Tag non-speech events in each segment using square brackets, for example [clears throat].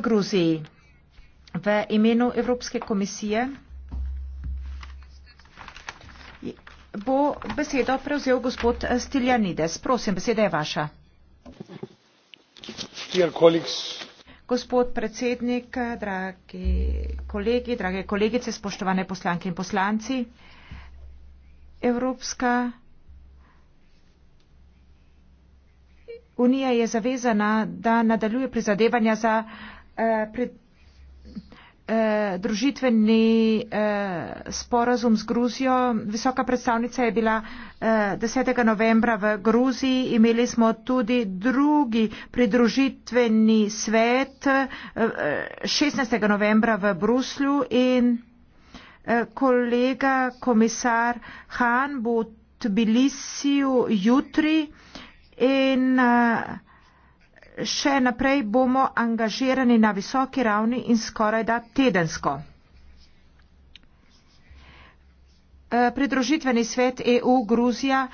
Gruziji. V imenu Evropske komisije bo besedo prevzel gospod Stiljanides. Prosim, beseda je vaša. Gospod predsednik, dragi kolegi, drage kolegice, spoštovane poslanke in poslanci, Evropska unija je zavezana, da nadaljuje prizadevanja za Eh, pred, eh, družitveni eh, sporazum z Gruzijo. Visoka predstavnica je bila eh, 10. novembra v Gruziji. Imeli smo tudi drugi pridružitveni svet eh, 16. novembra v Bruslju in eh, kolega komisar Han bo v Tbilisiju jutri in eh, še naprej bomo angažirani na visoki ravni in skoraj da tedensko. E, pridružitveni svet EU Gruzija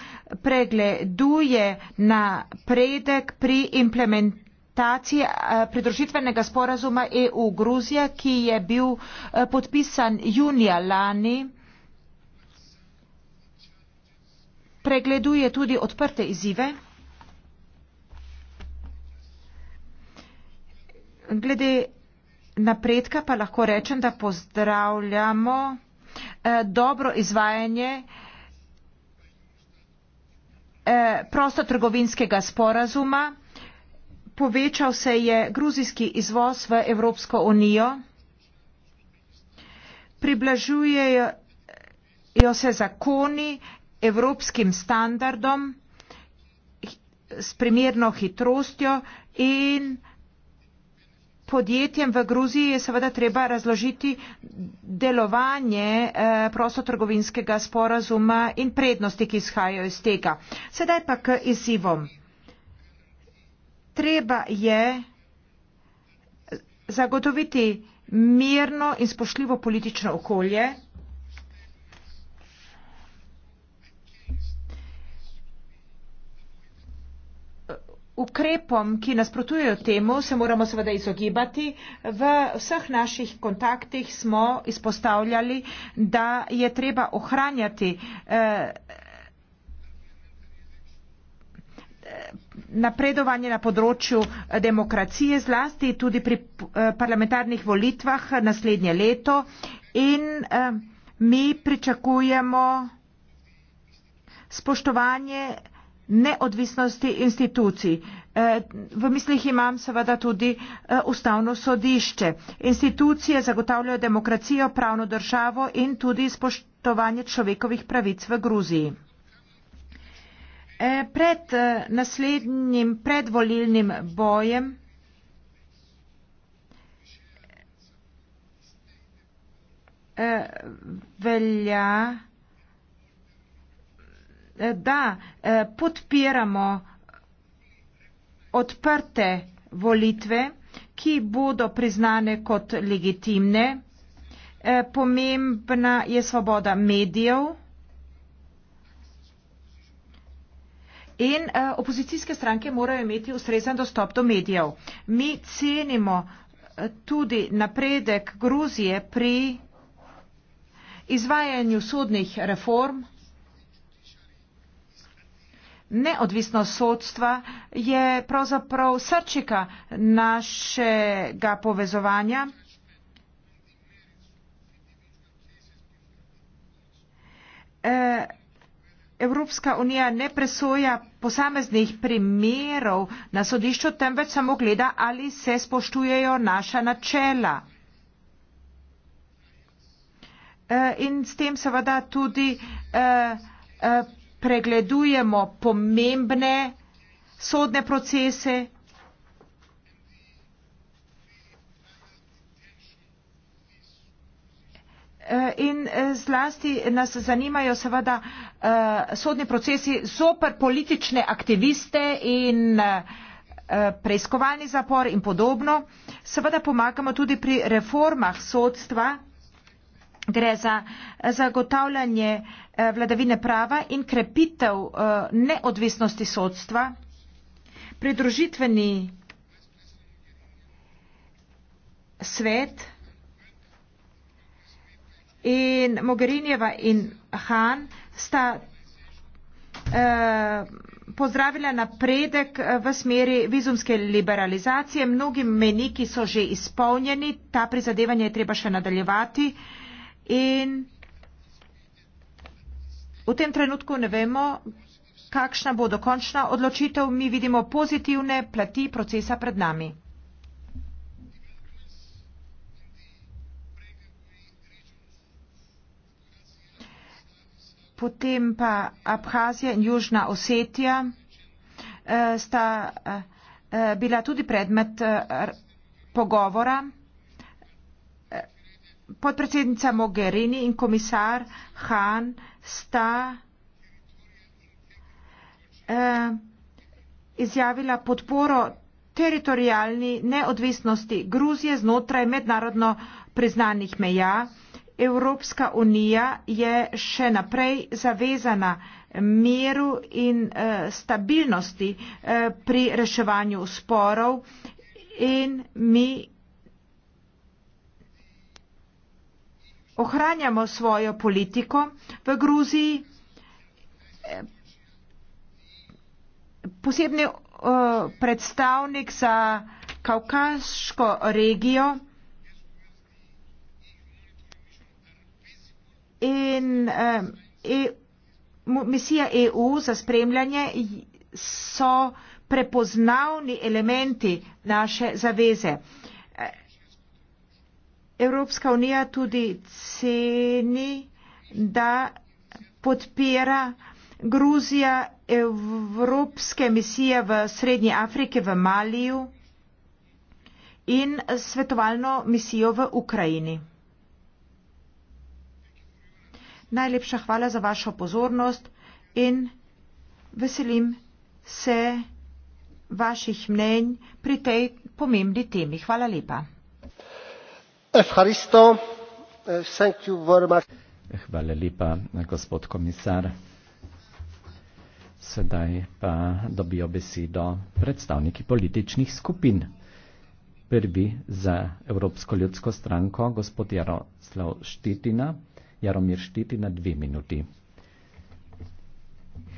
pregleduje napredek pri implementaciji e, pridružitvenega sporazuma EU Gruzija, ki je bil e, podpisan junija lani. Pregleduje tudi odprte izzive. Glede napredka pa lahko rečem, da pozdravljamo eh, dobro izvajanje eh, prostotrgovinskega sporazuma. Povečal se je gruzijski izvoz v Evropsko unijo. Priblažujejo se zakoni evropskim standardom s primerno hitrostjo in podjetjem v Gruziji je seveda treba razložiti delovanje eh, prostotrgovinskega sporazuma in prednosti, ki izhajajo iz tega. Sedaj pa k izzivom. Treba je eh, zagotoviti mirno in spoštljivo politično okolje, ukrepom, ki nasprotujejo temu, se moramo seveda izogibati. V vseh naših kontaktih smo izpostavljali, da je treba ohranjati eh, napredovanje na področju eh, demokracije, zlasti tudi pri eh, parlamentarnih volitvah naslednje leto. In mi pričakujemo spoštovanje neodvisnosti institucij. E, v mislih imam seveda tudi e, ustavno sodišče. Institucije zagotavljajo demokracijo, pravno državo in tudi spoštovanje človekovih pravic v Gruziji. E, pred naslednjim predvolilnim bojem velja da eh, podpiramo odprte volitve, ki bodo priznane kot legitimne. Eh, pomembna je svoboda medijev in eh, opozicijske stranke morajo imeti ustrezen dostop do medijev. Mi cenimo tudi napredek Gruzije pri izvajanju sodnih reform. Neodvisnost sodstva je pravzaprav srčika našega povezovanja. E, Evropska unija ne presoja posameznih primerov na sodišču, temveč samo gleda, ali se spoštujejo naša načela. E, in s tem seveda tudi e, pregledujemo pomembne sodne procese, eh, In eh, zlasti nas zanimajo seveda eh, sodni procesi zoper politične aktiviste in preiskovalni zapor in podobno. Seveda pomagamo tudi pri reformah sodstva, gre za eh, zagotavljanje eh, vladavine prava in krepitev eh, neodvisnosti sodstva, pridružitveni svet in Mogherinjeva in Han sta pozdravila napredek v smeri vizumske liberalizacije. Mnogi meniki so že izpolnjeni, ta prizadevanja je treba še nadaljevati. In v tem trenutku ne vemo, kakšna bo dokončna odločitev. Mi vidimo pozitivne plati procesa pred nami. Potem pa Abhazija in Južna Osetija eh, sta eh, eh, bila tudi predmet pogovora podpredsednica Mogherini in komisar Han sta eh, izjavila podporo teritorijalni neodvisnosti Gruzije znotraj mednarodno priznanih meja. Evropska unija je še naprej zavezana miru in e, stabilnosti e, pri reševanju sporov in mi ohranjamo svojo politiko v Gruziji. Posebni eh, predstavnik za kaukaško regijo in eh, e-, misija EU za spremljanje so prepoznavni elementi naše zaveze. Evropska unija tudi ceni, da podpira Gruzija evropske misije v Srednji Afriki, v Maliju in svetovalno misijo v Ukrajini. Najlepša hvala za vašo pozornost in veselim se vaših mnenj pri tej pomembni temi. Hvala lepa. Eh, Hvala lepa, gospod komisar. Sedaj pa dobijo besedo predstavniki političnih skupin. Prvi za Evropsko ljudsko stranko, gospod Jaroslav Štitina. Jaromir Štitina, dve minuti.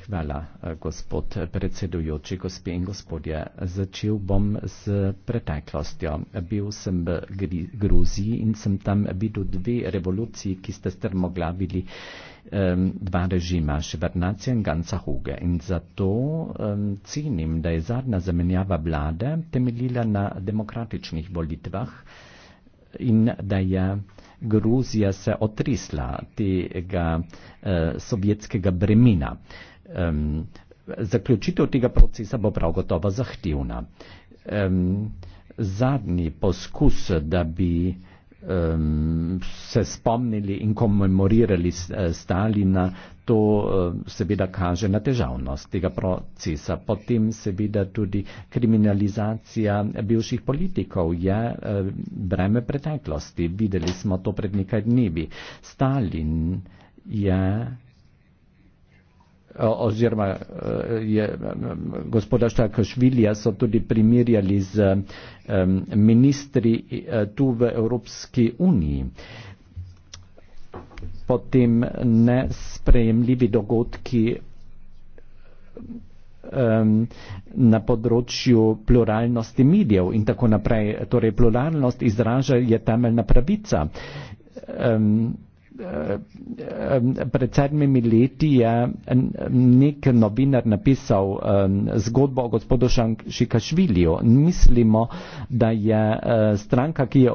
Hvala, eh, gospod eh, predsedujoči, gospe in gospodje. Začel bom s preteklostjo. Bil sem v Gruziji in sem tam videl dve revoluciji, ki ste strmoglavili um, dva režima, Ševernacija in Ganca Huge. In zato um, cenim, da je zadnja zamenjava vlade temeljila na demokratičnih volitvah in da je. Gruzija se otrisla tega eh, sovjetskega bremena um, zaključitev tega procesa bo prav gotovo zahtevna. Um, zadnji poskus, da bi um, se spomnili in komemorirali eh, Stalina, to uh, seveda kaže na težavnost tega procesa. Potem seveda tudi kriminalizacija bivših politikov je uh, breme preteklosti. Videli smo to pred nekaj dnevi. Stalin je Eh, oziroma eh, je eh, gospoda Štakašvilija so tudi primerjali z ministri tu v Evropski uniji. Potem nesprejemljivi dogodki na področju pluralnosti medijev in tako naprej. Torej, pluralnost izraža je temeljna pravica pred sedmimi leti je nek novinar napisal um, zgodbo o gospodu Šikašviliju. Mislimo, da je uh, stranka, ki je,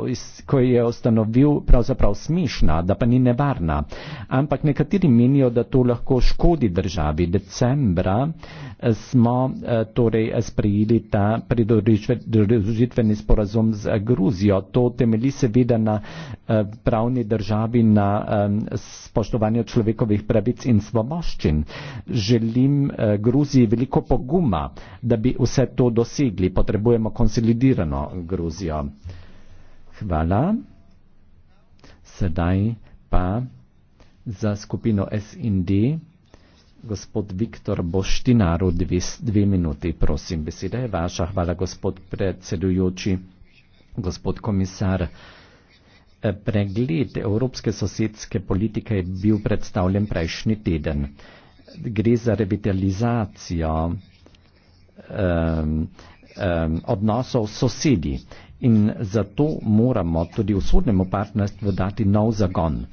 ko je ustanovil, pravzaprav smišna, da pa ni nevarna. Ampak nekateri menijo, da to lahko škodi državi. Decembra eh, smo eh, torej sprejeli ta pridružitveni sporazum z Gruzijo. To temeli seveda na eh, pravni državi, na spoštovanju človekovih pravic in svoboščin. Želim eh, Gruziji veliko poguma, da bi vse to dosegli. Potrebujemo konsolidirano Gruzijo. Hvala. Sedaj pa za skupino SND gospod Viktor Boštinaru, dve, dve minuti, prosim, beseda je vaša. Hvala, gospod predsedujoči, gospod komisar. Uh, Pregled evropske sosedske politike je bil predstavljen prejšnji teden. Gre za revitalizacijo um, um, odnosov sosedi in zato moramo tudi vzhodnemu partnerstvu dati nov zagon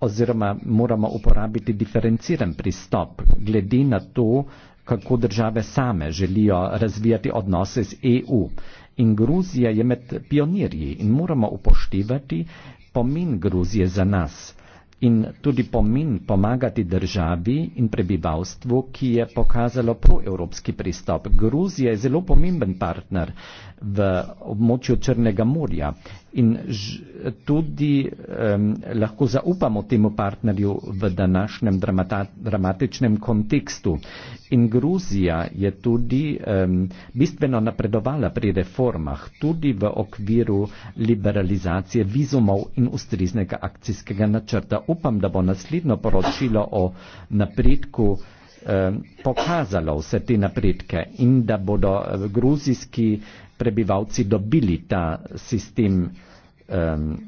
oziroma moramo uporabiti diferenciran pristop glede na to, kako države same želijo razvijati odnose z EU. In Gruzija je med pionirji in moramo upoštevati pomen Gruzije za nas in tudi pomen pomagati državi in prebivalstvu, ki je pokazalo proevropski pristop. Gruzija je zelo pomemben partner v območju Črnega morja in ž, tudi um, lahko zaupamo temu partnerju v današnjem dramata, dramatičnem kontekstu. In Gruzija je tudi um, bistveno napredovala pri reformah, tudi v okviru liberalizacije vizumov in ustriznega akcijskega načrta. Upam, da bo naslednjo poročilo o napredku um, pokazalo vse te napredke in da bodo gruzijski uh, prebivalci dobili ta sistem um,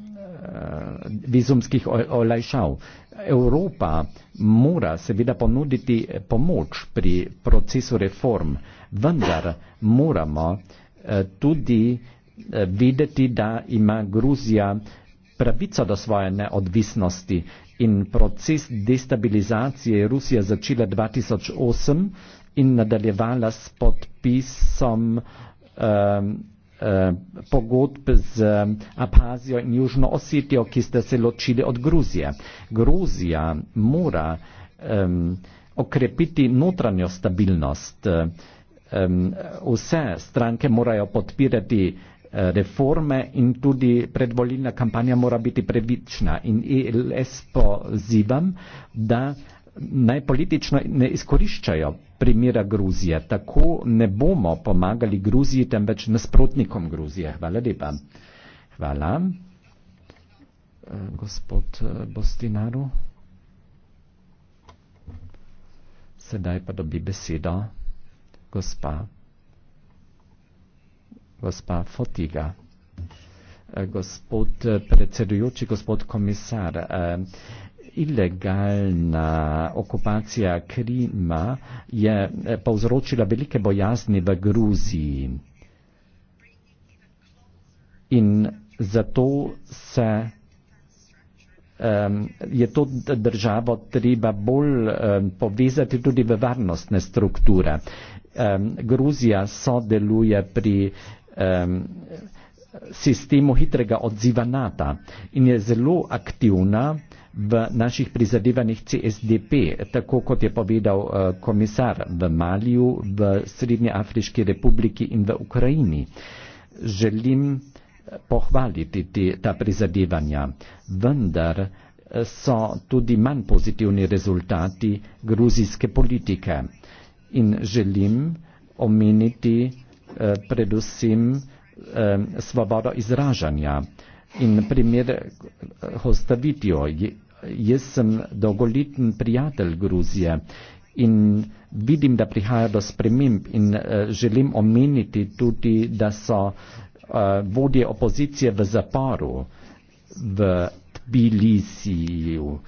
vizumskih olajšav. Evropa mora seveda ponuditi pomoč pri procesu reform, vendar moramo eh, tudi eh, videti, da ima Gruzija pravico do svoje neodvisnosti in proces destabilizacije je Rusija začela 2008 in nadaljevala s podpisom Um, um, pogodb z um, Abhazijo in Južno Osetijo, ki ste se ločili od Gruzije. Gruzija mora um, okrepiti notranjo stabilnost. Um, vse stranke morajo podpirati uh, reforme in tudi predvolilna kampanja mora biti prevična. In ILS e pozivam, da naj politično ne izkoriščajo primera Gruzije. Tako ne bomo pomagali Gruziji, temveč nasprotnikom Gruzije. Hvala lepa. Hvala. Eh, gospod eh, Bostinaru. Sedaj pa dobi besedo gospa. Gospa Fotiga. Eh, gospod predsedujoči, gospod komisar. Eh, Ilegalna okupacija Krima je eh, povzročila velike bojazni v Gruziji in zato se je to državo treba bolj povezati tudi v varnostne strukture. Gruzija sodeluje pri sistemu hitrega odziva NATO in je zelo aktivna v naših prizadevanjih CSDP, tako kot je povedal eh, komisar v Maliju, v Srednjeafriški republiki in v Ukrajini. Želim eh, pohvaliti te, ta prizadevanja, vendar eh, so tudi manj pozitivni rezultati gruzijske politike in želim omeniti eh, predvsem eh, svobodo izražanja. In primer Hostavitijo jaz sem dolgoletni prijatelj Gruzije in vidim, da prihaja do sprememb in uh, želim omeniti tudi, da so uh, vodje opozicije v zaporu v Tbilisiju.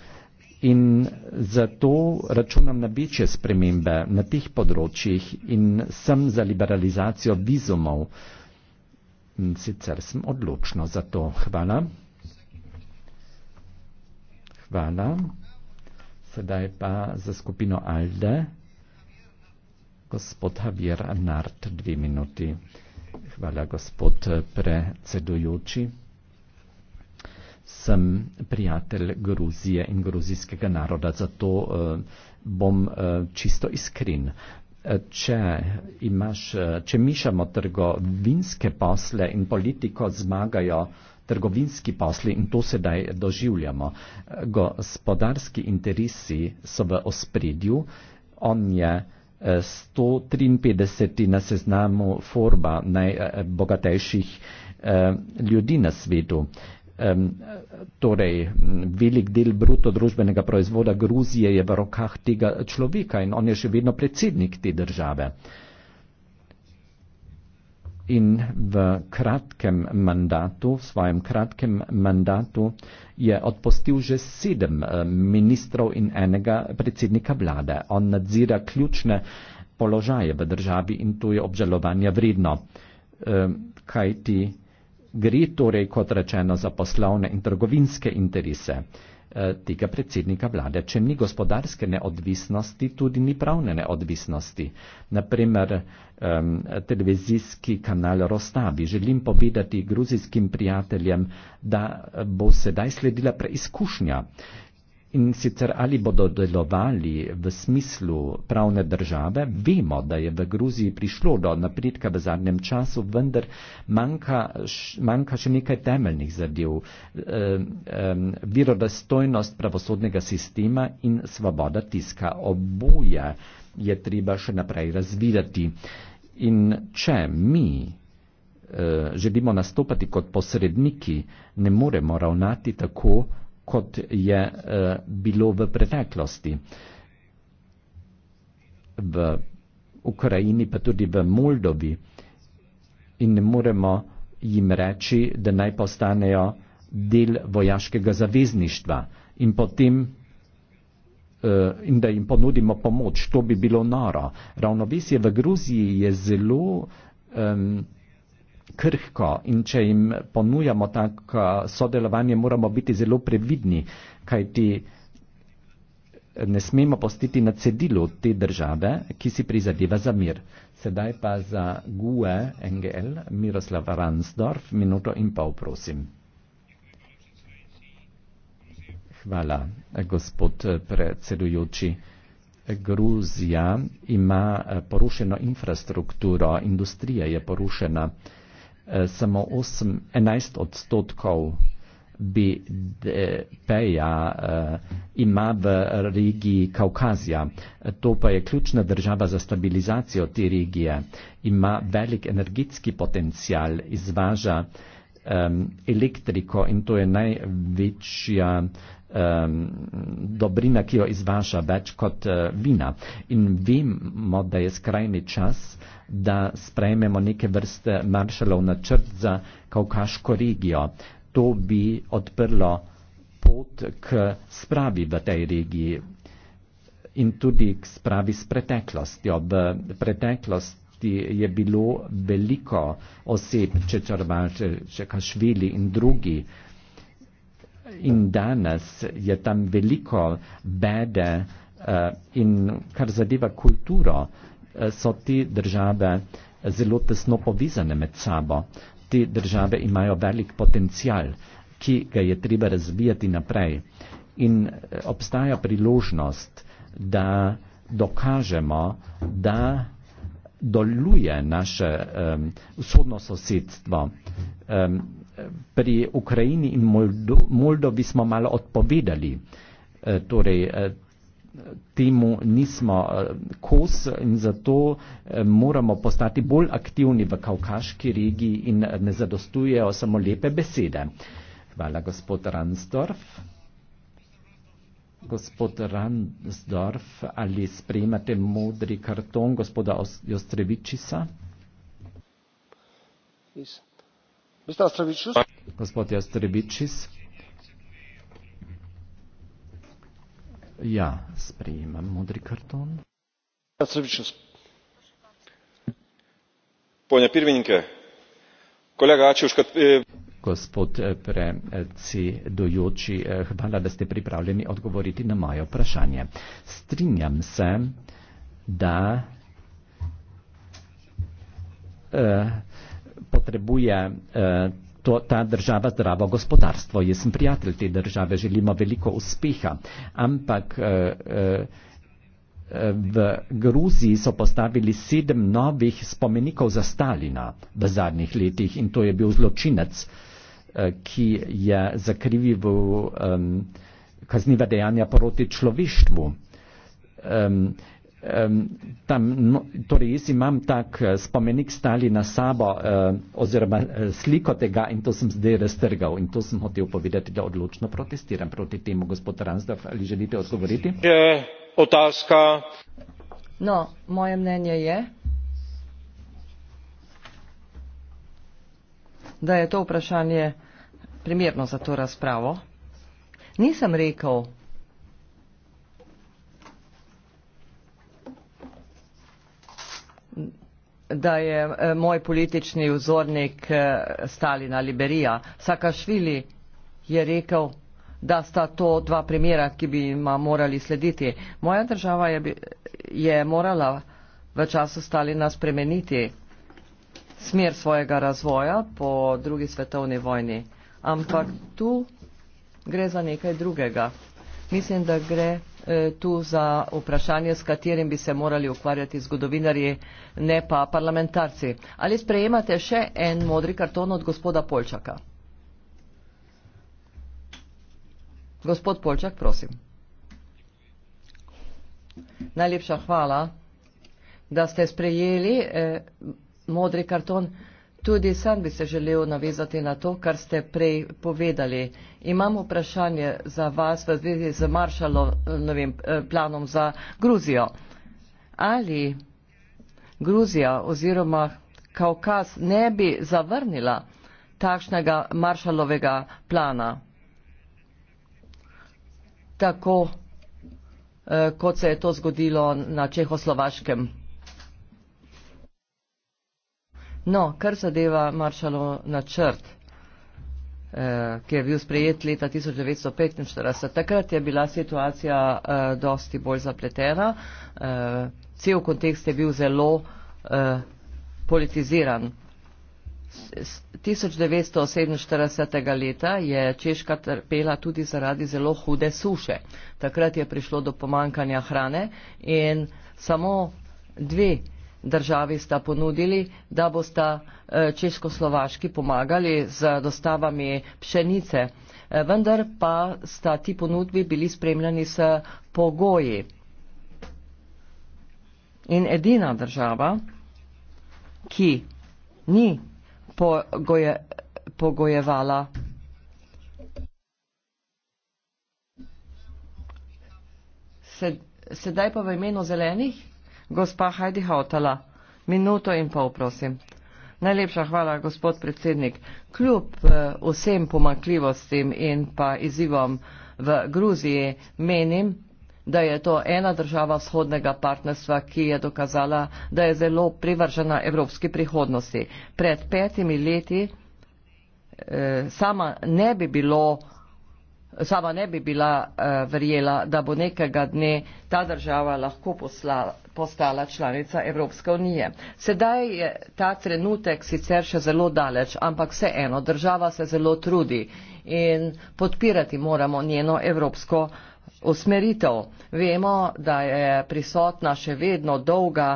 In zato računam na večje spremembe na teh področjih in sem za liberalizacijo vizumov. In sicer sem odločno za to. Hvala. Hvala. Sedaj pa za skupino Alde. Gospod Javier Anart, dve minuti. Hvala, gospod predsedujoči. Sem prijatelj Gruzije in gruzijskega naroda, zato uh, bom uh, čisto iskren. Eh, če, imaš, če mišamo trgovinske posle in politiko zmagajo, uh, trgovinski posli in to sedaj doživljamo. Gospodarski interesi so v ospredju, on je 153. Eh, na seznamu Forba najbogatejših eh, ljudi na svetu. Torej, velik del bruto družbenega proizvoda Gruzije je v rokah tega človeka in on je še vedno predsednik te države in v kratkem mandatu, v svojem kratkem mandatu, je odpustil že sedem eh, ministrov in enega predsednika vlade. On nadzira ključne položaje v državi in to je obžalovanja vredno, eh, kajti gre torej, kot rečeno, za poslovne in trgovinske interese. Eh, tega predsednika vlade. Če ni gospodarske neodvisnosti, tudi ni pravne neodvisnosti. Naprimer, televizijski kanal Rostavi. Želim povedati gruzijskim prijateljem, da bo sedaj sledila preizkušnja. In sicer ali bodo delovali v smislu pravne države, vemo, da je v Gruziji prišlo do napredka v zadnjem času, vendar manjka, manjka še nekaj temeljnih zadev, e, e, virodostojnost pravosodnega sistema in svoboda tiska. Oboje je treba še naprej razvidati. In če mi e, želimo nastopati kot posredniki, ne moremo ravnati tako, kot je eh, bilo v preteklosti. V Ukrajini, pa tudi v Moldovi. In ne moremo jim reči, da naj postanejo del vojaškega zavezništva in potem eh, in da jim ponudimo pomoč. To bi bilo noro. Ravnovesje v Gruziji je zelo um, krhko in če jim ponujamo tako eh, sodelovanje, moramo biti zelo previdni, kajti ne smemo postiti na cedilu te države, ki si prizadeva za mir. Sedaj pa za GUE NGL Miroslav Ransdorf, minuto in pol prosim. Hvala, gospod eh, predsedujoči. Gruzija ima eh, porušeno infrastrukturo, industrija je porušena. Eh, samo 18 odstotkov BDP-ja eh, ima v regiji Kaukazija. Eh, to pa je ključna država za stabilizacijo te regije. Ima velik energetski potencial, izvaža eh, elektriko in to je največja eh, dobrina, ki jo izvaša več kot eh, vina. In vemo, da je skrajni čas, da sprejmemo neke vrste maršalov načrt za kaukaško regijo. To bi odprlo pot k spravi v tej regiji in tudi k spravi s preteklostjo. V preteklosti je bilo veliko oseb, če črvače, če kašvili in drugi, in danes je tam veliko bede eh, in kar zadeva kulturo, eh, so ti države eh, zelo tesno povezane med sabo. Ti države imajo velik potencial, ki ga je treba razvijati naprej. In obstaja priložnost, da dokažemo, da doluje naše um, vzhodno sosedstvo. Um, pri Ukrajini in Moldovi smo malo odpovedali. E, torej, e, temu nismo e, kos in zato moramo postati bolj aktivni v kavkaški regiji in ne zadostujejo samo lepe besede. Hvala, gospod Ransdorf. Gospod Ransdorf, ali sprejmate modri karton gospoda Jostrevičisa? Yes. Gospod Jastrebičis. Ja, sprejemam modri karton. Eh, Gospod eh, predsedujoči, eh, hvala, da ste pripravljeni odgovoriti na moje vprašanje. Strinjam se, da potrebuje eh, to, ta država zdravo gospodarstvo. Jaz sem prijatelj te države, želimo veliko uspeha, ampak eh, eh, V Gruziji so postavili sedem novih spomenikov za Stalina v zadnjih letih in to je bil zločinec, eh, ki je zakrivil um, kazniva dejanja proti človeštvu. Um, Tam, no, torej, jaz imam tak eh, spomenik stali na sabo eh, oziroma eh, sliko tega in to sem zdaj raztrgal in to sem hotel povedati, da odločno protestiram proti temu. Gospod Ransdorf, ali želite odgovoriti? Je otaska. No, moje mnenje je, da je to vprašanje primerno za to razpravo. Nisem rekel, da je eh, moj politični vzornik eh, Stalina Liberija. Sakašvili je rekel, da sta to dva primera, ki bi ima morali slediti. Moja država je, je morala v času Stalina spremeniti smer svojega razvoja po drugi svetovni vojni. Ampak tu gre za nekaj drugega. Mislim, da gre E, tu za vprašanje, s katerim bi se morali ukvarjati zgodovinarji, ne pa parlamentarci. Ali sprejemate še en modri karton od gospoda Polčaka? Gospod Polčak, prosim. Najlepša hvala, da ste sprejeli eh, modri karton. Tudi sam bi se želel navezati na to, kar ste prej povedali. Imam vprašanje za vas v zvezi z Maršalovim eh, planom za Gruzijo. Ali Gruzija oziroma Kaukaz ne bi zavrnila takšnega Maršalovega plana, tako eh, kot se je to zgodilo na Čehoslovaškem? No, kar zadeva Maršalo načrt, eh, ki je bil sprejet leta 1945. Takrat je bila situacija eh, dosti bolj zapletena. Eh, cel kontekst je bil zelo eh, politiziran. 1947. leta je Češka trpela tudi zaradi zelo hude suše. Takrat je prišlo do pomankanja hrane in samo dve državi sta ponudili, da bosta eh, Češko-Slovaški pomagali z dostavami pšenice. Eh, vendar pa sta ti ponudbi bili spremljani s pogoji. In edina država, ki ni pogoje, pogojevala Sedaj pa v imenu zelenih. Gospa Heidi Hautala, minuto in pol, prosim. Najlepša hvala, gospod predsednik. Kljub eh, vsem pomakljivostim in pa izzivom v Gruziji menim, da je to ena država vzhodnega partnerstva, ki je dokazala, da je zelo privržena evropski prihodnosti. Pred petimi leti eh, sama ne bi, bilo, sama ne bi bila eh, verjela, da bo nekega dne ta država lahko poslala, postala članica Evropske unije. Sedaj je ta trenutek sicer še zelo daleč, ampak vseeno država se zelo trudi in podpirati moramo njeno evropsko usmeritev. Vemo, da je prisotna še vedno dolga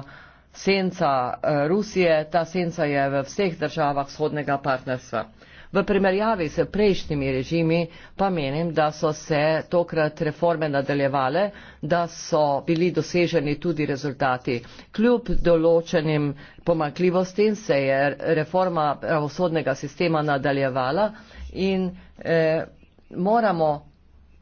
senca eh, Rusije, ta senca je v vseh državah vzhodnega partnerstva. V primerjavi s prejšnjimi režimi pa menim, da so se tokrat reforme nadaljevale, da so bili doseženi tudi rezultati. Kljub določenim pomakljivostim se je reforma pravosodnega sistema nadaljevala in eh, moramo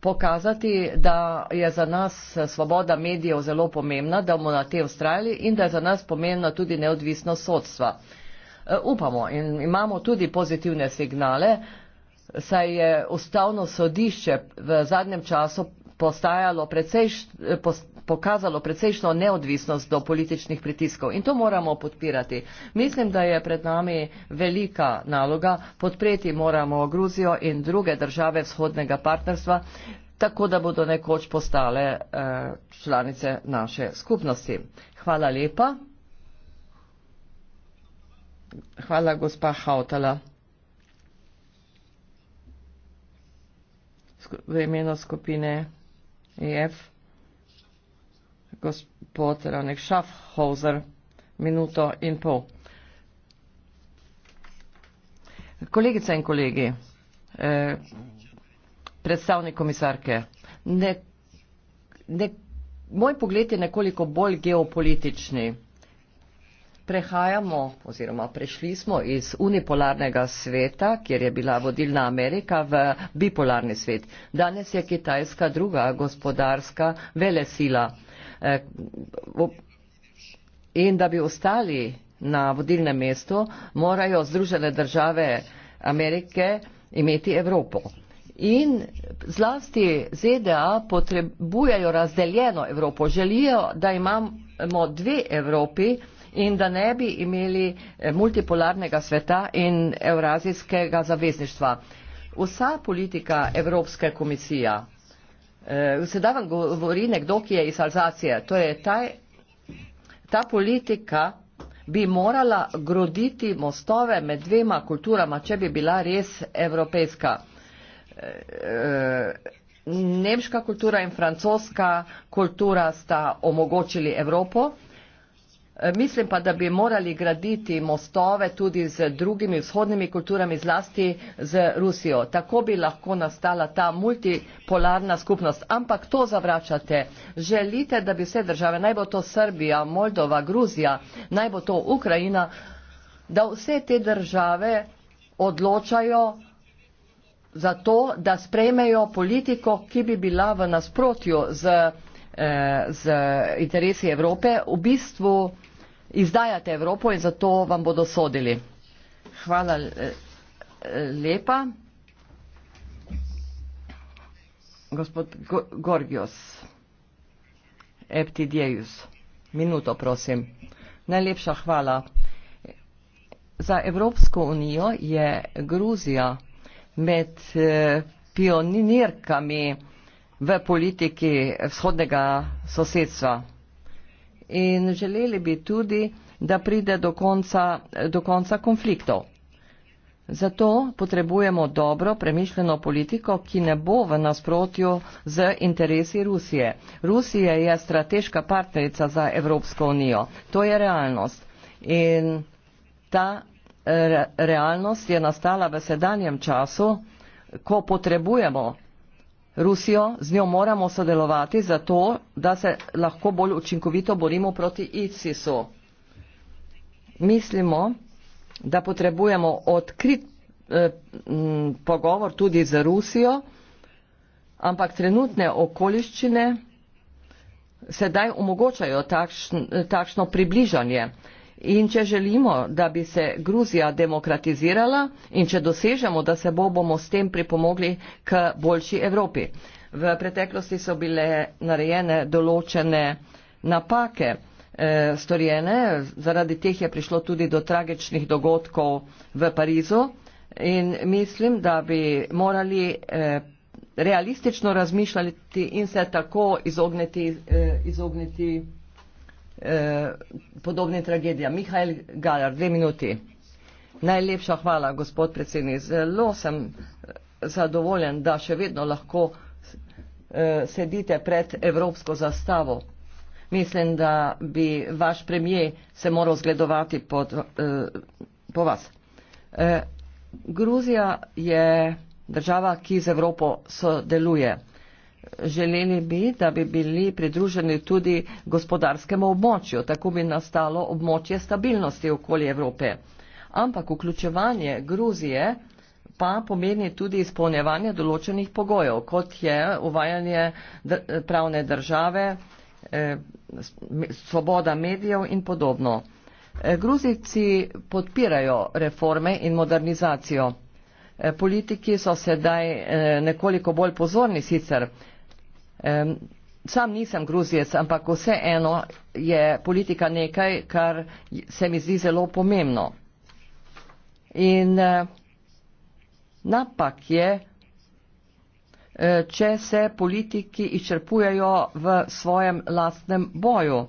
pokazati, da je za nas svoboda medijev zelo pomembna, da bomo na tem ustrajali in da je za nas pomembna tudi neodvisnost sodstva. Eh, upamo in imamo tudi pozitivne signale, saj je ustavno sodišče v zadnjem času precejš, eh, pokazalo precejšno neodvisnost do političnih pritiskov in to moramo podpirati. Mislim, da je pred nami velika naloga, podpreti moramo Gruzijo in druge države vzhodnega partnerstva, tako da bodo nekoč postale eh, članice naše skupnosti. Hvala lepa. Hvala, gospa Hautala. V imenu skupine EF, gospod Ranek Schaffhauser, minuto in pol. Kolegice in kolegi, eh, predstavnik komisarke, ne, ne, moj pogled je nekoliko bolj geopolitični. Prehajamo oziroma prešli smo iz unipolarnega sveta, kjer je bila vodilna Amerika, v bipolarni svet. Danes je Kitajska druga gospodarska velesila. Eh, in da bi ostali na vodilnem mestu, morajo Združene države Amerike imeti Evropo. In zlasti ZDA potrebujejo razdeljeno Evropo. Želijo, da imamo dve Evropi, in da ne bi imeli eh, multipolarnega sveta in evrazijskega zavezništva. Vsa politika Evropske komisije, eh, sedaj vam govori nekdo, ki je iz Alzacije, to je taj, ta politika bi morala groditi mostove med dvema kulturama, če bi bila res evropejska. Eh, nemška kultura in francoska kultura sta omogočili Evropo. Mislim pa, da bi morali graditi mostove tudi z drugimi vzhodnimi kulturami, zlasti z Rusijo. Tako bi lahko nastala ta multipolarna skupnost. Ampak to zavračate. Želite, da bi vse države, naj bo to Srbija, Moldova, Gruzija, naj bo to Ukrajina, da vse te države odločajo za to, da sprejmejo politiko, ki bi bila v nasprotju z, eh, z interesi Evrope. V bistvu izdajate Evropo in zato vam bodo sodili. Hvala eh, lepa. Gospod Gorgios, Eptidijus, minuto prosim. Najlepša hvala. Za Evropsko unijo je Gruzija med eh, pionirkami v politiki vzhodnega sosedstva in želeli bi tudi, da pride do konca, do konca konfliktov. Zato potrebujemo dobro, premišljeno politiko, ki ne bo v nasprotju z interesi Rusije. Rusija je strateška partnerica za Evropsko unijo. To je realnost. In ta re, realnost je nastala v sedanjem času, ko potrebujemo Rusijo, z njo moramo sodelovati, zato da se lahko bolj učinkovito borimo proti ICIS-u. Mislimo, da potrebujemo odkrit eh, m, pogovor tudi z Rusijo, ampak trenutne okoliščine sedaj omogočajo takšn, takšno približanje. Eh, In če želimo, da bi se Gruzija demokratizirala in če dosežemo, da se bo, bomo s tem pripomogli k boljši Evropi. V preteklosti so bile narejene določene napake eh, storjene, zaradi teh je prišlo tudi do tragičnih dogodkov v Parizu in mislim, da bi morali eh, realistično razmišljati in se tako izogniti. Eh, izogniti Eh, podobni tragedija. Mihajl Galar, dve minuti. Najlepša hvala, gospod predsednik. Zelo sem eh, zadovoljen, da še vedno lahko eh, sedite pred evropsko zastavo. Mislim, da bi vaš premijer se moral zgledovati pod, eh, po vas. Eh, Gruzija je država, ki z Evropo sodeluje. Želeli bi, da bi bili pridruženi tudi gospodarskemu območju, tako bi nastalo območje stabilnosti okoli Evrope. Ampak vključevanje Gruzije pa pomeni tudi izpolnjevanje določenih pogojev, kot je uvajanje dr pravne države, eh, svoboda medijev in podobno. Eh, Gruzici podpirajo reforme in modernizacijo. Eh, politiki so sedaj eh, nekoliko bolj pozorni sicer, Um, sam nisem gruzijec, ampak vseeno je politika nekaj, kar se mi zdi zelo pomembno. In uh, napak je, eh, če se politiki izčrpujejo v svojem lastnem boju.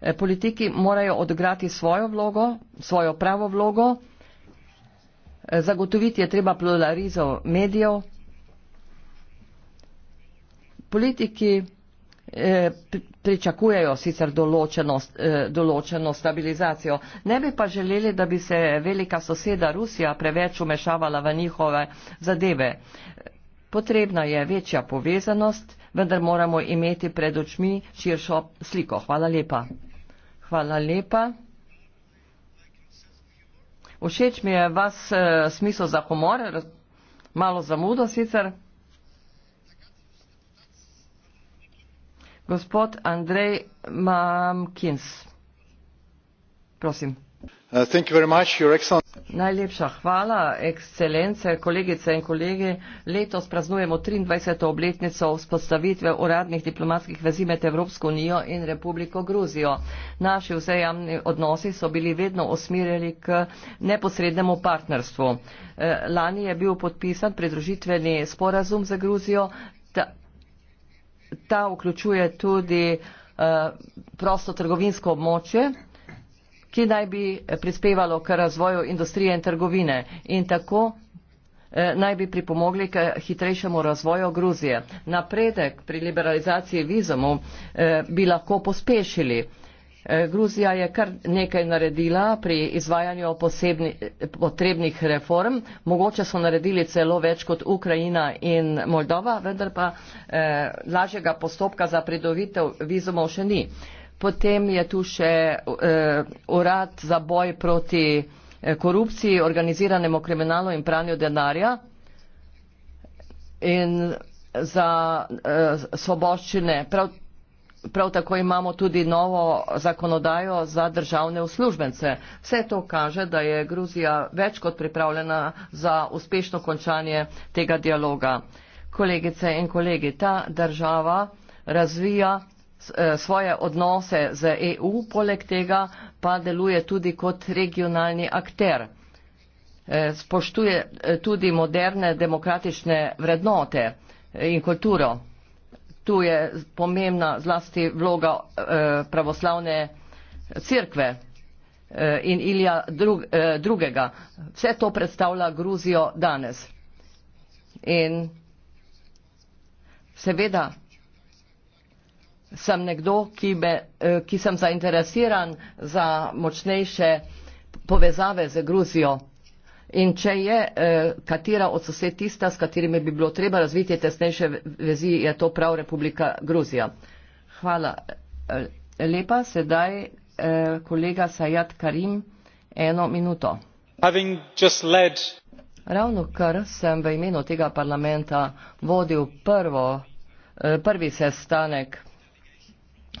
Eh, politiki morajo odigrati svojo vlogo, svojo pravo vlogo, zagotoviti je treba pluralizo medijev. Politiki eh, pričakujejo sicer določeno, eh, določeno stabilizacijo. Ne bi pa želeli, da bi se velika soseda Rusija preveč umešavala v njihove zadeve. Potrebna je večja povezanost, vendar moramo imeti pred očmi širšo sliko. Hvala lepa. Hvala lepa. Všeč mi je vas eh, smisel za humor, malo zamudo sicer. Gospod Andrej Mamkins. Prosim. Uh, Najlepša hvala, ekscelence, kolegice in kolegi. Letos praznujemo 23. obletnico vzpostavitve uradnih diplomatskih vezi med Evropsko unijo in Republiko Gruzijo. Naši vzajemni odnosi so bili vedno usmirjeni k neposrednemu partnerstvu. Eh, lani je bil podpisan pridružitveni sporazum za Gruzijo, Ta vključuje tudi uh, eh, prosto trgovinsko območje, ki naj bi prispevalo k razvoju industrije in trgovine in tako uh, naj bi pripomogli k hitrejšemu razvoju Gruzije. Napredek pri liberalizaciji vizumov uh, bi lahko pospešili. Uh, Eh, Gruzija je kar nekaj naredila pri izvajanju posebni, potrebnih reform. Mogoče so naredili celo več kot Ukrajina in Moldova, vendar pa eh, lažjega postopka za pridobitev vizumov še ni. Potem je tu še eh, urad za boj proti eh, korupciji, organiziranemu kriminalu in pranju denarja in za eh, svoboščine. Prav prav tako imamo tudi novo zakonodajo za državne uslužbence. Vse to kaže, da je Gruzija več kot pripravljena za uspešno končanje tega dialoga. Kolegice in kolegi, ta država razvija eh, svoje odnose z EU, poleg tega pa deluje tudi kot regionalni akter. Eh, spoštuje eh, tudi moderne demokratične vrednote in kulturo tu je pomembna zlasti vloga eh, pravoslavne crkve eh, in Ilija drug, eh, drugega. Vse to predstavlja Gruzijo danes. In seveda sem nekdo, ki, me, eh, ki sem zainteresiran za močnejše povezave z Gruzijo. In če je eh, katera od sosed tista, s katerimi bi bilo treba razviti tesnejše vezi, je to prav Republika Gruzija. Hvala eh, lepa. Sedaj eh, kolega Sajat Karim, eno minuto. Led... Ravno kar sem v imenu tega parlamenta vodil prvo, eh, prvi sestanek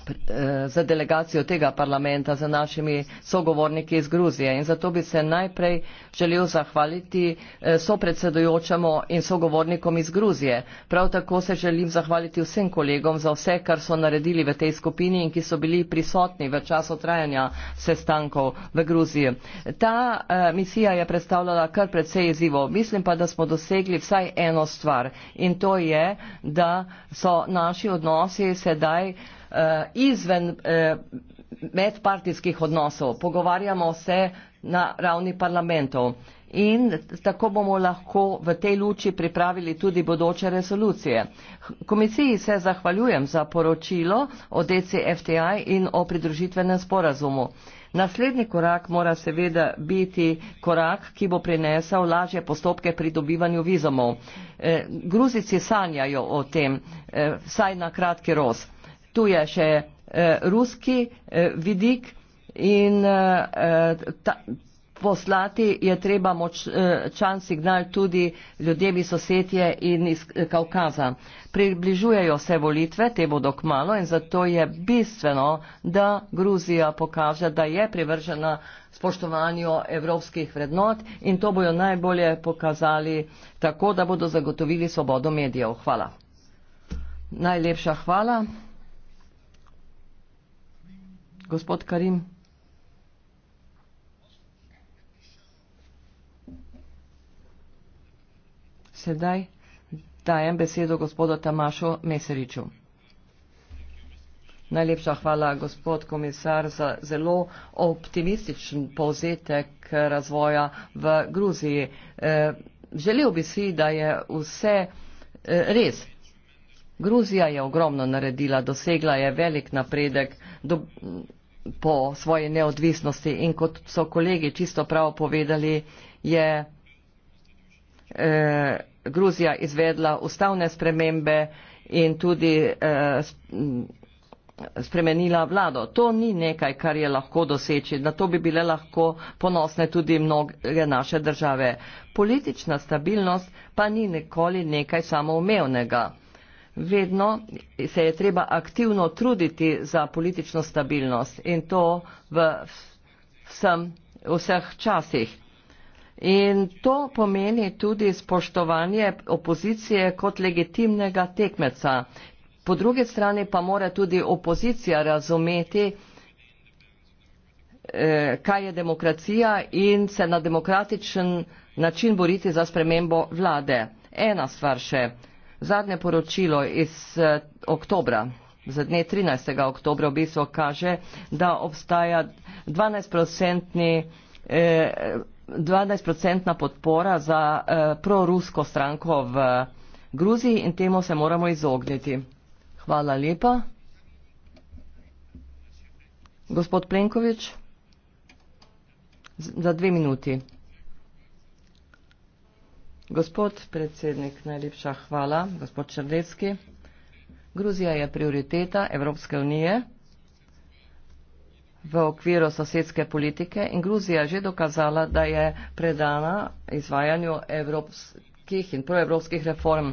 Eh, za delegacijo tega parlamenta, za našimi sogovorniki iz Gruzije. In zato bi se najprej želel zahvaliti eh, sopredsedujočemu in sogovornikom iz Gruzije. Prav tako se želim zahvaliti vsem kolegom za vse, kar so naredili v tej skupini in ki so bili prisotni v času trajanja sestankov v Gruziji. Ta eh, misija je predstavljala kar precej izzivov. Mislim pa, da smo dosegli vsaj eno stvar in to je, da so naši odnosi sedaj Eh, izven eh, medpartijskih odnosov, pogovarjamo se na ravni parlamentov in tako bomo lahko v tej luči pripravili tudi bodoče resolucije. Komisiji se zahvaljujem za poročilo o DCFTI in o pridružitvenem sporazumu. Naslednji korak mora seveda biti korak, ki bo prinesel lažje postopke pri dobivanju vizumov. E, Gruzici sanjajo o tem, e, saj na kratki roz tu je še eh, ruski eh, vidik in eh, ta, poslati je treba močan e, signal tudi ljudem iz sosedje in iz e, Kaukaza. Približujejo se volitve, te bodo k malo in zato je bistveno, da Gruzija pokaže, da je privržena spoštovanju evropskih vrednot in to bojo najbolje pokazali tako, da bodo zagotovili svobodo medijev. Hvala. Najlepša hvala gospod Karim. Sedaj dajem besedo gospodu Tamašu Meseriču. Najlepša hvala, gospod komisar, za zelo optimističen povzetek razvoja v Gruziji. E, želel bi si, da je vse e, res. Gruzija je ogromno naredila, dosegla je velik napredek, do, po svoji neodvisnosti in kot so kolegi čisto prav povedali, je eh, Gruzija izvedla ustavne spremembe in tudi eh, mm, spremenila vlado. To ni nekaj, kar je lahko doseči. Na to bi bile lahko ponosne tudi mnoge naše države. Politična stabilnost pa ni nikoli nekaj samoumevnega vedno se je treba aktivno truditi za politično stabilnost in to v vsem, vseh časih. In to pomeni tudi spoštovanje opozicije kot legitimnega tekmeca. Po drugi strani pa mora tudi opozicija razumeti, eh, kaj je demokracija in se na demokratičen način boriti za spremembo vlade. Ena stvar še. Zadnje poročilo iz eh, oktobra, za dne 13. oktobra v bistvu kaže, da obstaja 12-procentna eh, 12% podpora za eh, prorusko stranko v eh, Gruziji in temu se moramo izogniti. Hvala lepa. Gospod Plenković, za dve minuti. Gospod predsednik, najlepša hvala. Gospod Črnecki, Gruzija je prioriteta Evropske unije v okviru sosedske politike in Gruzija je že dokazala, da je predana izvajanju evropskih in proevropskih reform.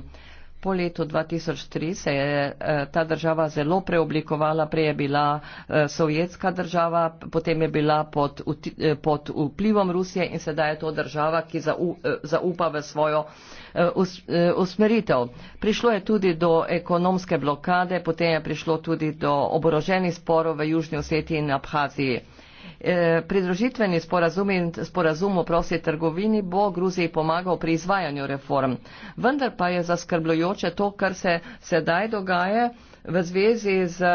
Po letu 2003 se je eh, ta država zelo preoblikovala, prej je bila eh, sovjetska država, potem je bila pod, eh, pod vplivom Rusije in sedaj je to država, ki zaupa v svojo usmeritev. Prišlo je tudi do ekonomske blokade, potem je prišlo tudi do oboroženih sporov v Južni Osetiji in Abhaziji. Eh, pridružitveni sporazum in sporazum o prosti trgovini bo Gruziji pomagal pri izvajanju reform. Vendar pa je zaskrbljujoče to, kar se sedaj dogaja v zvezi z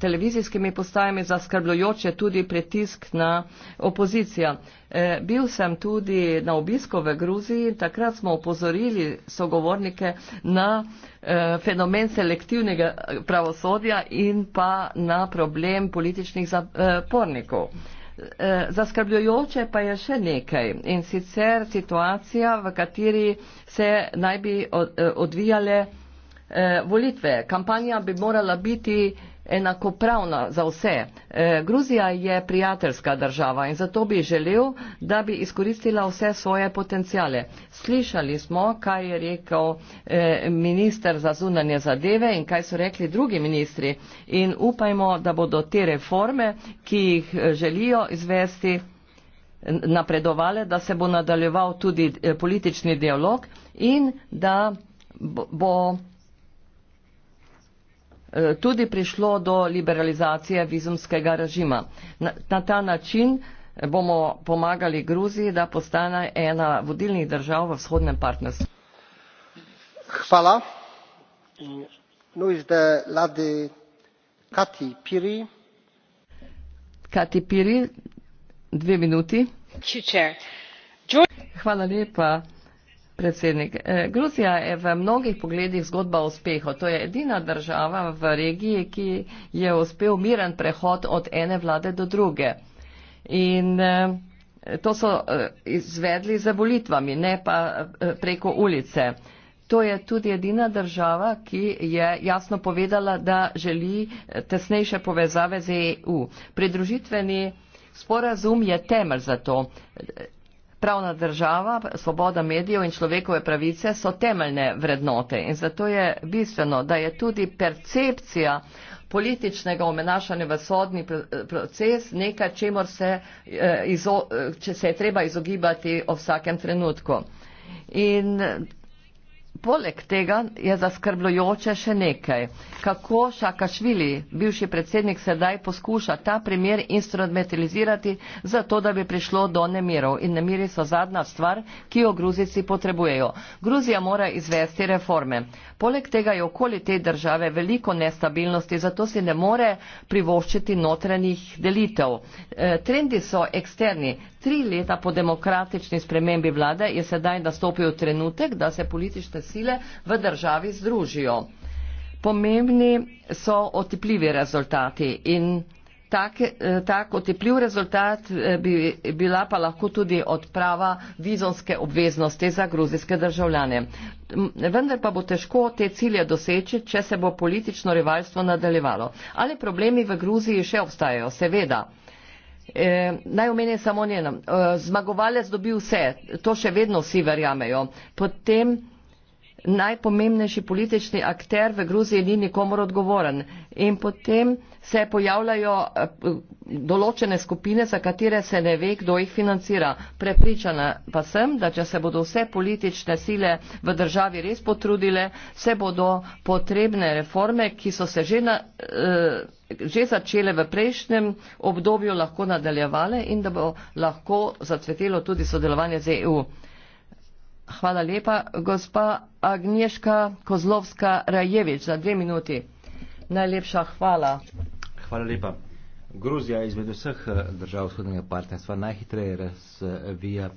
televizijskimi postajami, zaskrbljujoče tudi pritisk na opozicijo. Eh, bil sem tudi na obisko v Gruziji in takrat smo opozorili sogovornike na eh, fenomen selektivnega pravosodja in pa na problem političnih zapornikov. Eh, zaskrbljujoče pa je še nekaj in sicer situacija, v kateri se naj bi eh, odvijale eh, volitve. Kampanja bi morala biti enakopravna za vse. E, Gruzija je prijateljska država in zato bi želel, da bi izkoristila vse svoje potencijale. Slišali smo, kaj je rekel e, minister za zunanje zadeve in kaj so rekli drugi ministri in upajmo, da bodo te reforme, ki jih e, želijo izvesti, napredovale, da se bo nadaljeval tudi politični dialog in da bo. bo Eh, tudi prišlo do liberalizacije vizumskega režima. Na, na ta način eh, bomo pomagali Gruziji, da postane ena vodilnih držav v vzhodnem partnerstvu. Hvala. Kati Piri. Kati Piri, dve minuti. Hvala lepa. Predsednik, e, Gruzija je v mnogih pogledih zgodba uspeha. To je edina država v regiji, ki je uspel miren prehod od ene vlade do druge. In e, to so e, izvedli za volitvami, ne pa preko ulice. To je tudi edina država, ki je jasno povedala, da želi tesnejše povezave z EU. Pridružitveni sporazum je temelj za to pravna država, svoboda medijev in človekove pravice so temeljne vrednote. In zato je bistveno, da je tudi percepcija političnega omenašanja v sodni proces nekaj, čemor se, eh, eh, če se je treba izogibati v vsakem trenutku. In Poleg tega je zaskrbljujoče še nekaj, kako Šakašvili, bivši predsednik, sedaj poskuša ta primer instrumentalizirati za to, da bi prišlo do nemirov. In nemiri so zadnja stvar, ki jo Gruzici potrebujejo. Gruzija mora izvesti reforme. Poleg tega je okoli te države veliko nestabilnosti, zato si ne more privoščiti notranjih delitev. E, trendi so eksterni, tri leta po demokratični spremembi vlade je sedaj nastopil trenutek, da se politične sile v državi združijo. Pomembni so otipljivi rezultati in tak, eh, tak otipljiv rezultat eh, bi bila pa lahko tudi odprava vizonske obveznosti za gruzijske državljane. Vendar pa bo težko te cilje doseči, če se bo politično rivalstvo nadaljevalo. Ali problemi v Gruziji še obstajajo? Seveda eh, naj omenim samo njeno. Eh, zmagovalec dobi vse, to še vedno vsi verjamejo. Potem najpomembnejši politični akter v Gruziji ni nikomor odgovoren. In potem se pojavljajo eh, določene skupine, za katere se ne ve, kdo jih financira. Prepričana pa sem, da če se bodo vse politične sile v državi res potrudile, se bodo potrebne reforme, ki so se že, na, eh, že začele v prejšnjem obdobju, lahko nadaljevale in da bo lahko zacvetelo tudi sodelovanje z EU. Hvala lepa. Gospa Agnieszka Kozlovska Rajevič za dve minuti. Najlepša hvala. Hvala lepa. Gruzija izmed vseh eh, držav vzhodnega partnerstva najhitreje razvija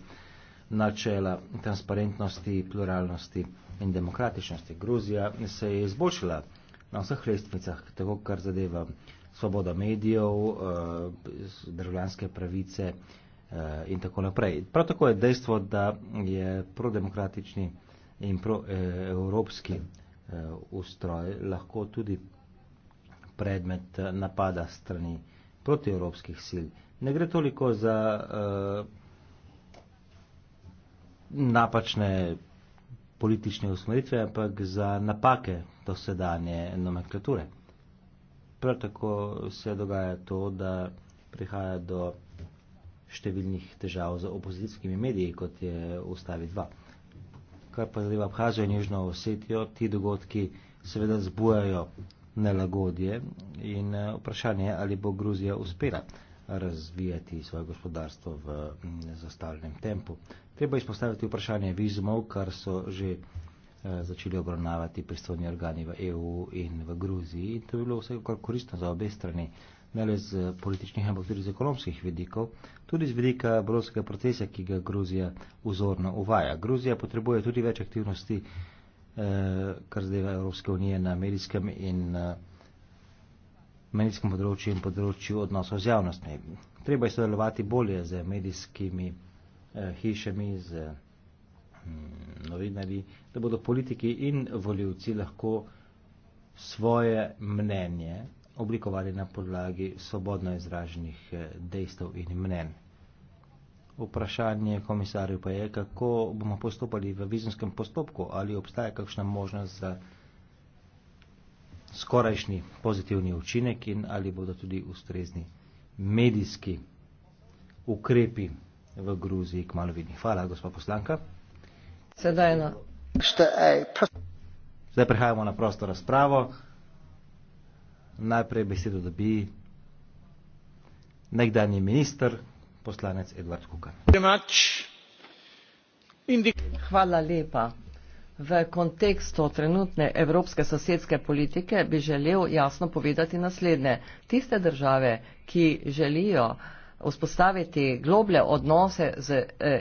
načela transparentnosti, pluralnosti in demokratičnosti. Gruzija se je izboljšala na vseh lestvicah, tako kar zadeva svoboda medijev, eh, državljanske pravice, eh, in tako naprej. Prav tako je dejstvo, da je prodemokratični in pro, eh, evropski eh, ustroj lahko tudi predmet eh, napada strani proti evropskih sil. Ne gre toliko za eh, napačne politične usmeritve, ampak za napake dosedanje nomenklature. Prav tako se dogaja to, da prihaja do številnih težav z opozicijskimi mediji, kot je ustavi 2. Kar pa zadeva Abhazijo in Južno Osetijo, ti dogodki seveda zbujajo nelagodje in eh, vprašanje je, ali bo Gruzija uspela razvijati svoje gospodarstvo v zastavljenem tempu. Treba izpostaviti vprašanje vizumov, kar so že eh, začeli obravnavati pristojni organi v EU in v Gruziji. In to bi bilo vsekakor koristno za obe strani imele z političnih, ampak tudi z ekonomskih vidikov, tudi z vidika brodskega procesa, ki ga Gruzija vzorno uvaja. Gruzija potrebuje tudi več aktivnosti, eh, kar zdaj Evropske unije na medijskem in eh, medijskem področju in področju odnosov z javnostmi. Treba je sodelovati bolje z medijskimi eh, hišami, z hm, novinarji, da bodo politiki in voljivci lahko svoje mnenje oblikovali na podlagi svobodno izraženih eh, dejstev in mnen. Vprašanje komisarju pa je, kako bomo postopali v vizumskem postopku, ali obstaja kakšna možnost za skorajšnji pozitivni učinek in ali bodo tudi ustrezni medijski ukrepi v Gruziji k malo vidni. Hvala, gospod poslanka. Sedaj na. Zdaj prehajamo na prosto razpravo najprej besedo dobi nekdanji minister, poslanec Edvard Kuka. Hvala lepa. V kontekstu trenutne evropske sosedske politike bi želel jasno povedati naslednje. Tiste države, ki želijo vzpostaviti globlje odnose z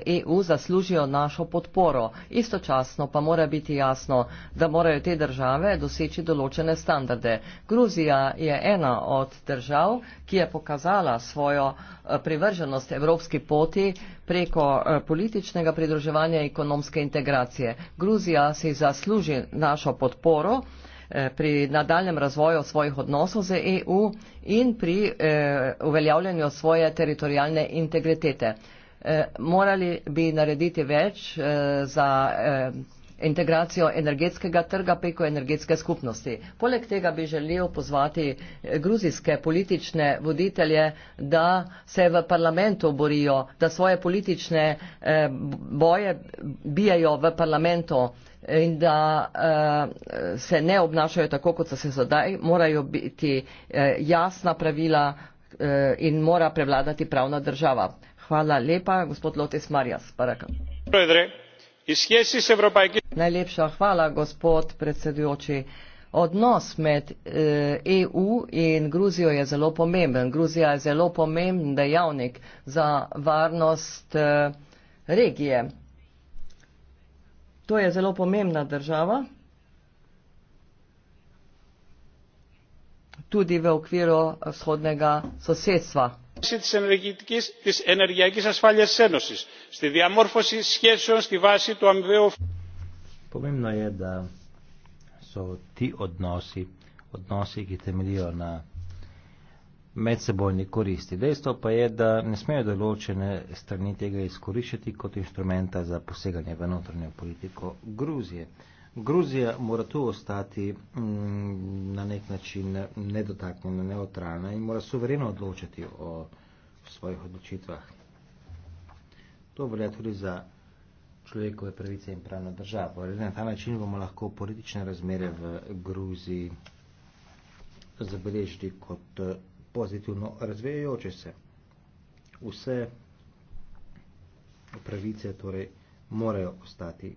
EU eh, e zaslužijo našo podporo. Istočasno pa mora biti jasno, da morajo te države doseči določene standarde. Gruzija je ena od držav, ki je pokazala svojo eh, privrženost evropski poti preko eh, političnega pridruževanja in ekonomske integracije. Gruzija si zasluži našo podporo. Eh, pri nadaljem razvoju svojih odnosov z EU in pri eh, uveljavljanju svoje teritorijalne integritete. Eh, morali bi narediti več za integracijo energetskega trga preko energetske skupnosti. Poleg tega bi želel pozvati eh, gruzijske politične voditelje, da se v parlamentu borijo, da svoje politične eh, boje bijajo v parlamentu in da eh, se ne obnašajo tako, kot so se zadaj. Morajo biti jasna pravila in mora prevladati pravna država. Hvala lepa, gospod Lotis Marjas. Paraka. Predre najlepša hvala gospod predsedujoči odnos med eu eh, e in gruzijo je zelo pomemben gruzija je zelo pomemben dejavnik za varnost eh, regije to je zelo pomembna država tudi v okviru vzhodnega sosedstva της ενεργειακής ασφάλειας της Ένωσης, στη διαμόρφωση σχέσεων στη βάση του αμοιβαίου Πομένω έντα στο τι οδνώσει, οδνώσει και θεμελίω να μετσεμπόνι κορίστη. Δε στο παέντα να σημαίνει το λόγο να στρανείται για εισκορίσετε και το ινστρουμέντα για αποσέγανε βανότρονε πολιτικό Γκρούζιε. Gruzija mora tu ostati mm, na nek način nedotaknjena, neutralna in mora suvereno odločati o svojih odločitvah. To velja tudi za človekove pravice in pravno državo. Na ta način bomo lahko politične razmere v Gruziji zabeležili kot eh, pozitivno razvijajoče se. Vse pravice torej morajo ostati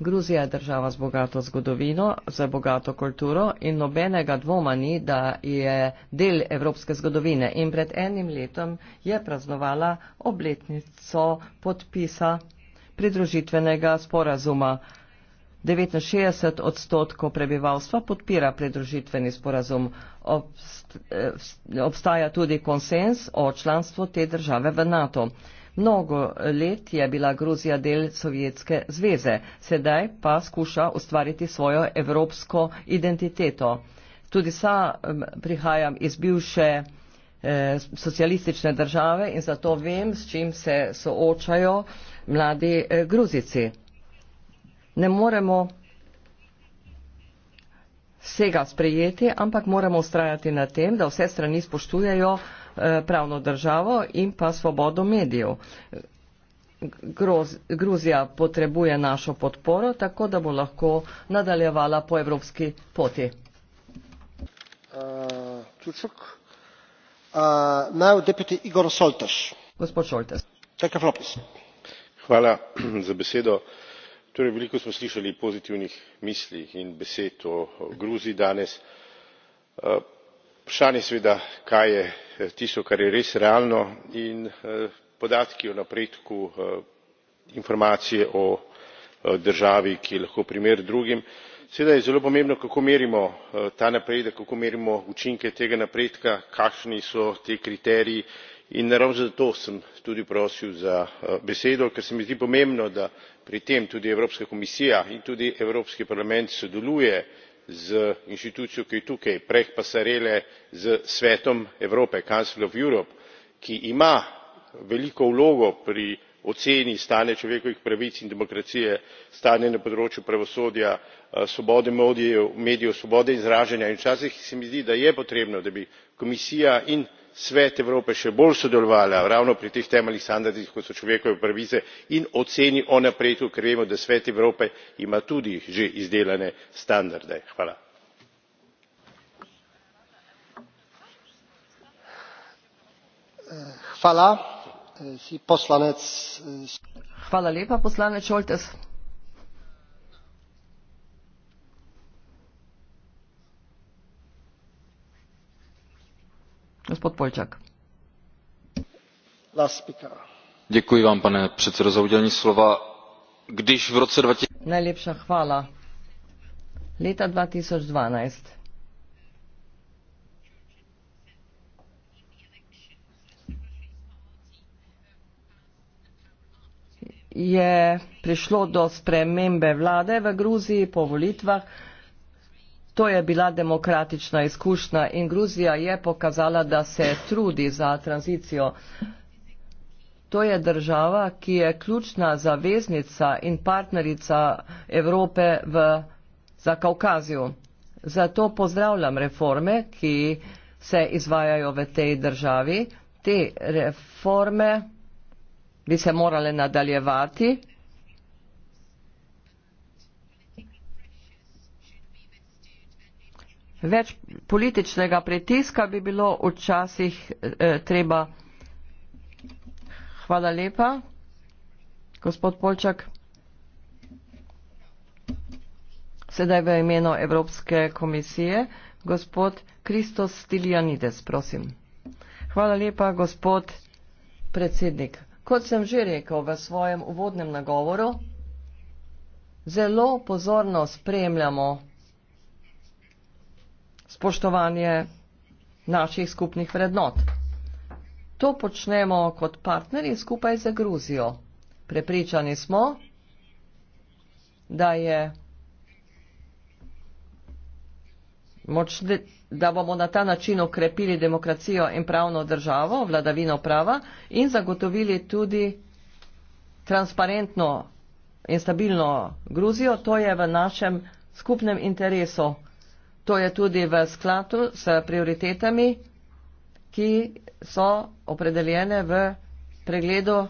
Gruzija je država z bogato zgodovino, z bogato kulturo in nobenega dvoma ni, da je del evropske zgodovine. In pred enim letom je praznovala obletnico podpisa pridružitvenega sporazuma. 69 odstotkov prebivalstva podpira pridružitveni sporazum. Eh, obstaja tudi konsens o članstvu te države v NATO. Mnogo let je bila Gruzija del Sovjetske zveze, sedaj pa skuša ustvariti svojo evropsko identiteto. Tudi sam eh, prihajam iz bivše eh, socialistične države in zato vem, s čim se soočajo mladi eh, Gruzici. Ne moremo vsega sprejeti, ampak moramo ustrajati na tem, da vse strani spoštujejo Eh, pravno državo in pa svobodo medijev. Groz, Gruzija potrebuje našo podporo, tako da bo lahko nadaljevala po evropski poti. Uh, uh, Gospod Šoltes. Hvala [clears throat] za besedo. Torej, veliko smo slišali pozitivnih misli in besed o Gruziji danes. Vprašanje uh, je seveda, kaj je Eh, tisto kar je res realno in eh, podatki o napredku eh, informacije o državi ki je lahko primer drugim. seveda je zelo pomembno kako merimo ta napredek kako merimo učinke tega napredka kakšni so ti kriteriji in ravno zato sem tudi prosil za besedo ker se mi zdi pomembno da pri tem tudi evropska komisija in tudi evropski parlament sodeluje z inštitucijo ki je tukaj prek pasarele s svetom evrope council of europe ki ima veliko vlogo pri oceni stanja človekovih pravic in demokracije stanja na področju pravosodja eh, svobode medijev svobode izražanja in včasih se mi zdi da je potrebno da bi komisija in svet evrope še bolj sodelovala ravno pri teh temeljnih standardih kot so človekove pravice in oceni o napredku ker vemo da svet evrope ima tudi že izdelane standarde. pane předsedající když v roce. najlepša hvala leta dva tisoč dvanajst je prišlo do spremembe vlade v gruziji po volitvah To je bila demokratična izkušnja in Gruzija je pokazala, da se trudi za tranzicijo. To je država, ki je ključna zaveznica in partnerica Evrope v, za Kaukazijo. Zato pozdravljam reforme, ki se izvajajo v tej državi. Te reforme bi se morale nadaljevati več političnega pritiska bi bilo včasih eh, treba. Hvala lepa, gospod Polčak. Sedaj v imenu Evropske komisije, gospod Kristos Stilianides, prosim. Hvala lepa, gospod predsednik. Kot sem že rekel v svojem uvodnem nagovoru, zelo pozorno spremljamo spoštovanje naših skupnih vrednot. To počnemo kot partnerji skupaj za Gruzijo. Prepričani smo, da, je močne, da bomo na ta način okrepili demokracijo in pravno državo, vladavino prava in zagotovili tudi transparentno in stabilno Gruzijo. To je v našem skupnem interesu. To je tudi v skladu s prioritetami, ki so opredeljene v pregledu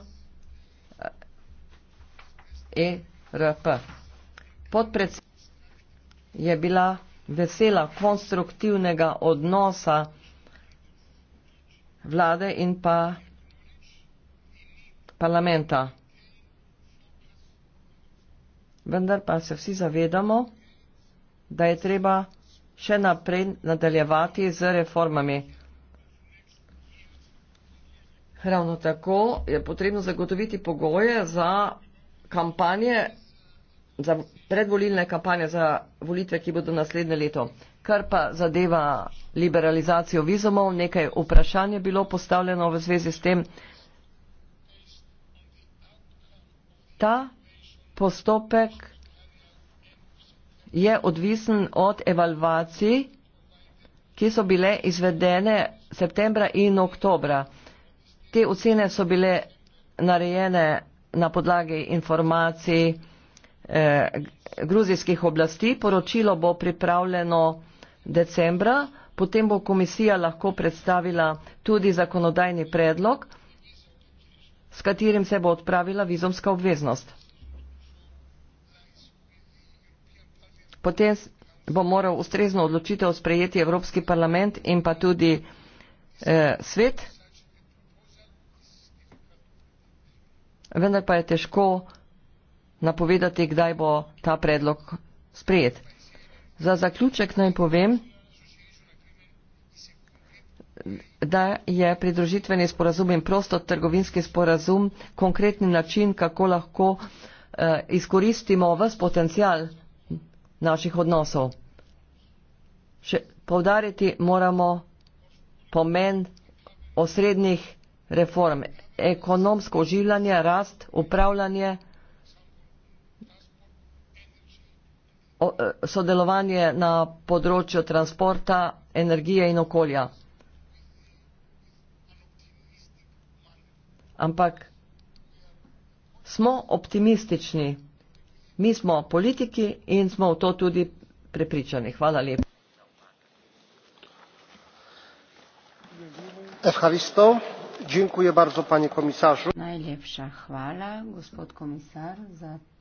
ERP. Eh, e Podpredsednica je bila vesela konstruktivnega odnosa vlade in pa parlamenta. Vendar pa se vsi zavedamo, da je treba še naprej nadaljevati z reformami. Ravno tako je potrebno zagotoviti pogoje za kampanje, za predvolilne kampanje za volitve, ki bodo naslednje leto. Kar pa zadeva liberalizacijo vizumov, nekaj vprašanj je bilo postavljeno v zvezi s tem. Ta postopek je odvisen od evalvacij, ki so bile izvedene septembra in oktobra. Te ocene so bile narejene na podlagi informacij eh, gruzijskih oblasti. Poročilo bo pripravljeno decembra, potem bo komisija lahko predstavila tudi zakonodajni predlog, s katerim se bo odpravila vizumska obveznost. potem bo moral ustrezno odločitev sprejeti Evropski parlament in pa tudi eh, svet. Vendar pa je težko napovedati, kdaj bo ta predlog sprejet. Za zaključek naj povem, da je pridružitveni sporazum in prostotrgovinski sporazum konkretni način, kako lahko eh, izkoristimo vse potencial naših odnosov. Še povdariti moramo pomen osrednjih reform. Ekonomsko oživljanje, rast, upravljanje, e, sodelovanje na področju transporta, energije in okolja. Ampak smo optimistični. Mi smo politiki in smo v to tudi prepričani. Hvala lepa. Najlepša hvala, gospod komisar, za to.